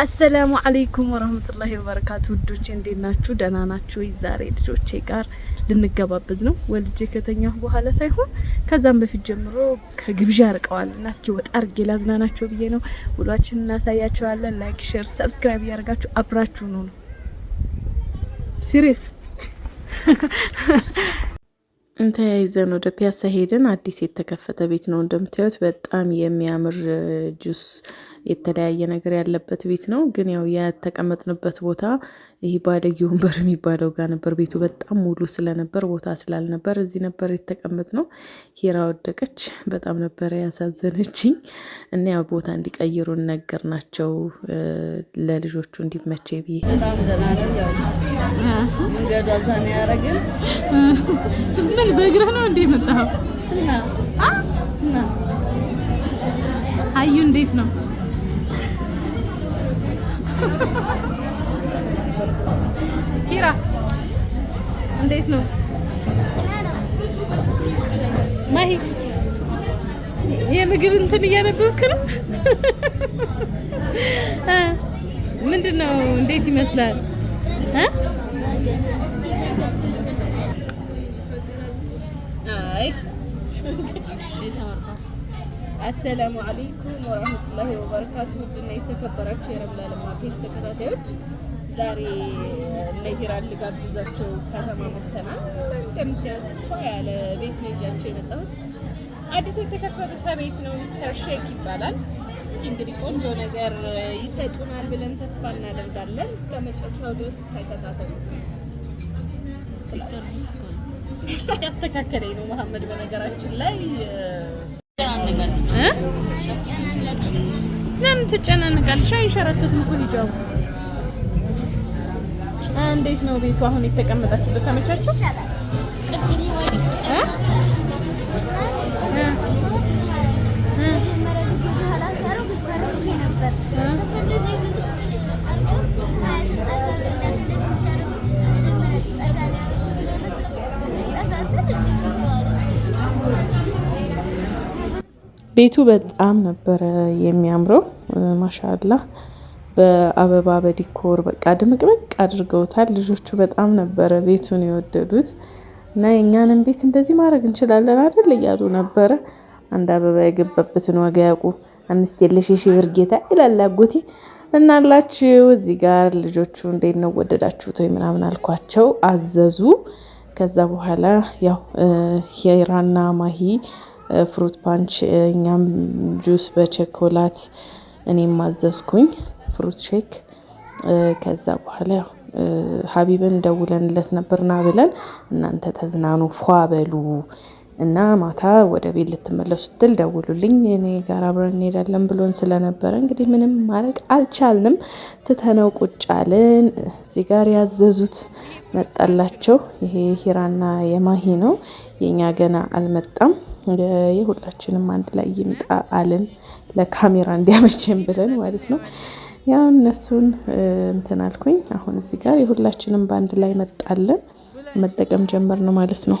አሰላሙ አለይኩም ወረህመቱላሂ ወበረካቱ። ውዶቼ እንዴት ናችሁ? ደህና ናችሁ? ዛሬ ልጆቼ ጋር ልንገባበዝ ነው። ወልጄ ከተኛሁ በኋላ ሳይሆን ከዛም በፊት ጀምሮ ከግብዣ አርቀዋል እና እስኪ ወጣ አርጌ ላዝናናቸው ብዬ ነው። ውሏችን እናሳያቸዋለን። ላይክ፣ ሼር፣ ሰብስክራይብ እያደርጋችሁ አብራችሁ ነው ሲሪየስ እንተያይዘን ወደ ፒያሳ ሄደን አዲስ የተከፈተ ቤት ነው እንደምታዩት፣ በጣም የሚያምር ጁስ የተለያየ ነገር ያለበት ቤት ነው። ግን ያው የተቀመጥንበት ቦታ ይህ ባለጌ ወንበር የሚባለው ጋር ነበር። ቤቱ በጣም ሙሉ ስለነበር ቦታ ስላልነበር እዚህ ነበር የተቀመጥነው። ሄራ ወደቀች፣ በጣም ነበረ ያሳዘነችኝ እና ያው ቦታ እንዲቀይሩ ነገር ናቸው ለልጆቹ እንዲመቼ ብዬ በጣም ኃይል በእግርህ ነው እንዴ መጣኸው? አዩ እንዴት ነው? ኪራ እንዴት ነው? ማሂ የምግብ እንትን እያነበብክ ነው? ምንድን ነው? እንዴት ይመስላል? አይ አሰላሙ አለይኩም ወራህመቱላሂ ወበረካቱ። ውድና የተከበራችሁ የረምላልማ ፔጅ ተከታታዮች ዛሬ ለሂራን ልጋብዛቸው ከተማ መጥተናል። እንደምታዩት ያለ ቤት ነው ይዛቸው የመጣሁት። አዲስ የተከፈተ ከቤት ነው ሚስተር ሼክ ይባላል። እስኪ እንግዲህ ቆንጆ ነገር ይሰጡናል ብለን ተስፋ እናደርጋለን። እስከ መጨረሻው ድረስ ተከታተሉ። ያስተካከለኝ ነው መሐመድ። በነገራችን ላይ ለምን ትጨናነቃለሽ? አይሸረተትም እኮ ሂጃቡ። እንዴት ነው ቤቱ? አሁን የተቀመጣችሁበት ተመቻችሁ? ቤቱ በጣም ነበረ የሚያምረው ማሻላ በአበባ በዲኮር በቃ ድምቅምቅ አድርገውታል። ልጆቹ በጣም ነበረ ቤቱን የወደዱት እና የእኛንም ቤት እንደዚህ ማድረግ እንችላለን አይደል እያሉ ነበረ። አንድ አበባ የገባበትን ዋጋ ያውቁ አምስት የለሽ የሺ ብር ጌታ ይላል አጎቴ። እናላችሁ እዚህ ጋር ልጆቹ እንዴት ነው ወደዳችሁት ወይ ምናምን አልኳቸው፣ አዘዙ። ከዛ በኋላ ያው ሄራና ማሂ ፍሩት ፓንች፣ እኛም ጁስ በቸኮላት እኔም ማዘዝኩኝ ፍሩት ሼክ። ከዛ በኋላ ሀቢብን ደውለንለት ነበርና ብለን እናንተ ተዝናኑ ፏ በሉ እና ማታ ወደ ቤት ልትመለሱ ስትል ደውሉልኝ እኔ ጋር አብረን እንሄዳለን ብሎን ስለነበረ እንግዲህ ምንም ማድረግ አልቻልንም። ትተነው ቁጭ አልን። እዚህ ጋር ያዘዙት መጣላቸው። ይሄ ሂራና የማሂ ነው። የእኛ ገና አልመጣም። የሁላችንም አንድ ላይ ይምጣ አልን ለካሜራ እንዲያመችን ብለን ማለት ነው። ያው እነሱን እንትን አልኩኝ። አሁን እዚህ ጋር የሁላችንም በአንድ ላይ መጣለን መጠቀም ጀመር ነው ማለት ነው።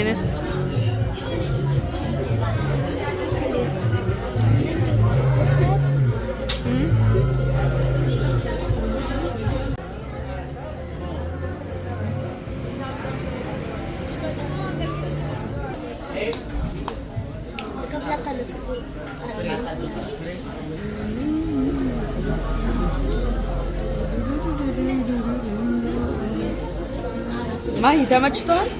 Enes. Mahita, mas estou.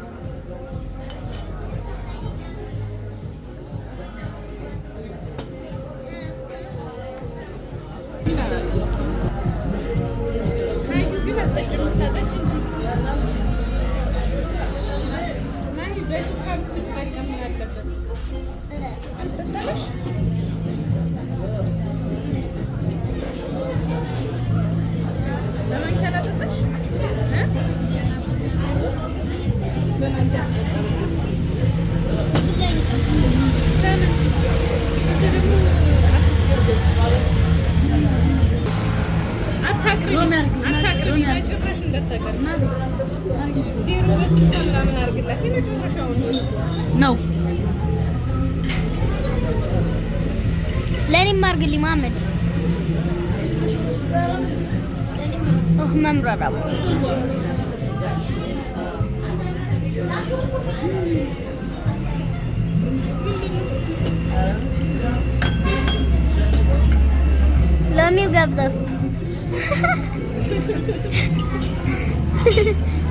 ነው ለእኔም አድርግልኝ መሀመድ። መምረራው ለሚል ገብተህ フフフフ。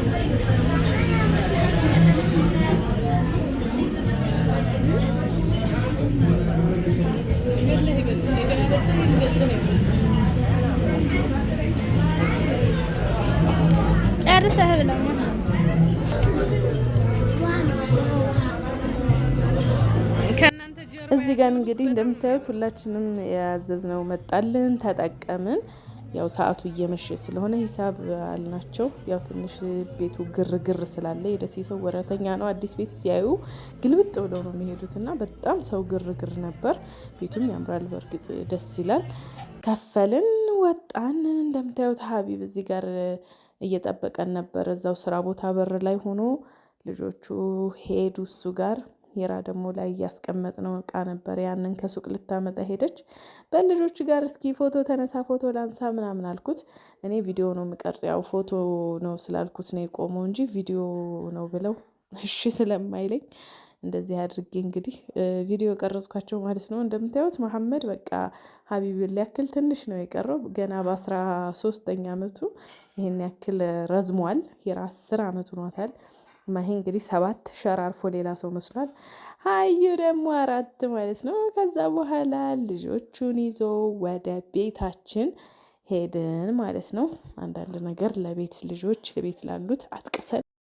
እዚህ ጋር እንግዲህ እንደምታዩት ሁላችንም ያዘዝነው መጣልን፣ ተጠቀምን። ያው ሰዓቱ እየመሸ ስለሆነ ሂሳብ አልናቸው። ያው ትንሽ ቤቱ ግርግር ስላለ የደሴ ሰው ወረተኛ ነው። አዲስ ቤት ሲያዩ ግልብጥ ብለው ነው የሚሄዱት እና በጣም ሰው ግርግር ነበር። ቤቱም ያምራል፣ በእርግጥ ደስ ይላል። ከፈልን፣ ወጣን። እንደምታዩት ሀቢብ እዚህ ጋር እየጠበቀን ነበር። እዛው ስራ ቦታ በር ላይ ሆኖ ልጆቹ ሄዱ እሱ ጋር ሄራ ደግሞ ላይ እያስቀመጥነው እቃ ነበር። ያንን ከሱቅ ልታመጣ ሄደች። በልጆች ጋር እስኪ ፎቶ ተነሳ፣ ፎቶ ላንሳ ምናምን አልኩት። እኔ ቪዲዮ ነው የምቀርጽ፣ ያው ፎቶ ነው ስላልኩት ነው የቆመው እንጂ ቪዲዮ ነው ብለው እሺ ስለማይለኝ እንደዚህ አድርጌ እንግዲህ ቪዲዮ ቀረጽኳቸው ማለት ነው። እንደምታዩት መሐመድ በቃ ሀቢብን ሊያክል ትንሽ ነው የቀረው። ገና በአስራ ሶስተኛ አመቱ ይህን ያክል ረዝሟል። የራ አስር አመቱ ኗታል። ማሄ እንግዲህ ሰባት ሸራርፎ ሌላ ሰው መስሏል። ሀዩ ደግሞ አራት ማለት ነው። ከዛ በኋላ ልጆቹን ይዞ ወደ ቤታችን ሄድን ማለት ነው። አንዳንድ ነገር ለቤት ልጆች ቤት ላሉት አጥቅሰን